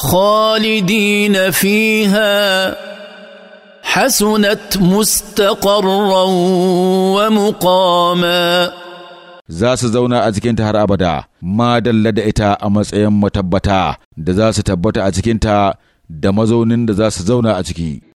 خالدين فيها حسنت مستقرا ومقاما za su zauna a cikinta har abada ma dalla da ita a matsayin matabbata da za su tabbata a cikinta da mazaunin da za su zauna a ciki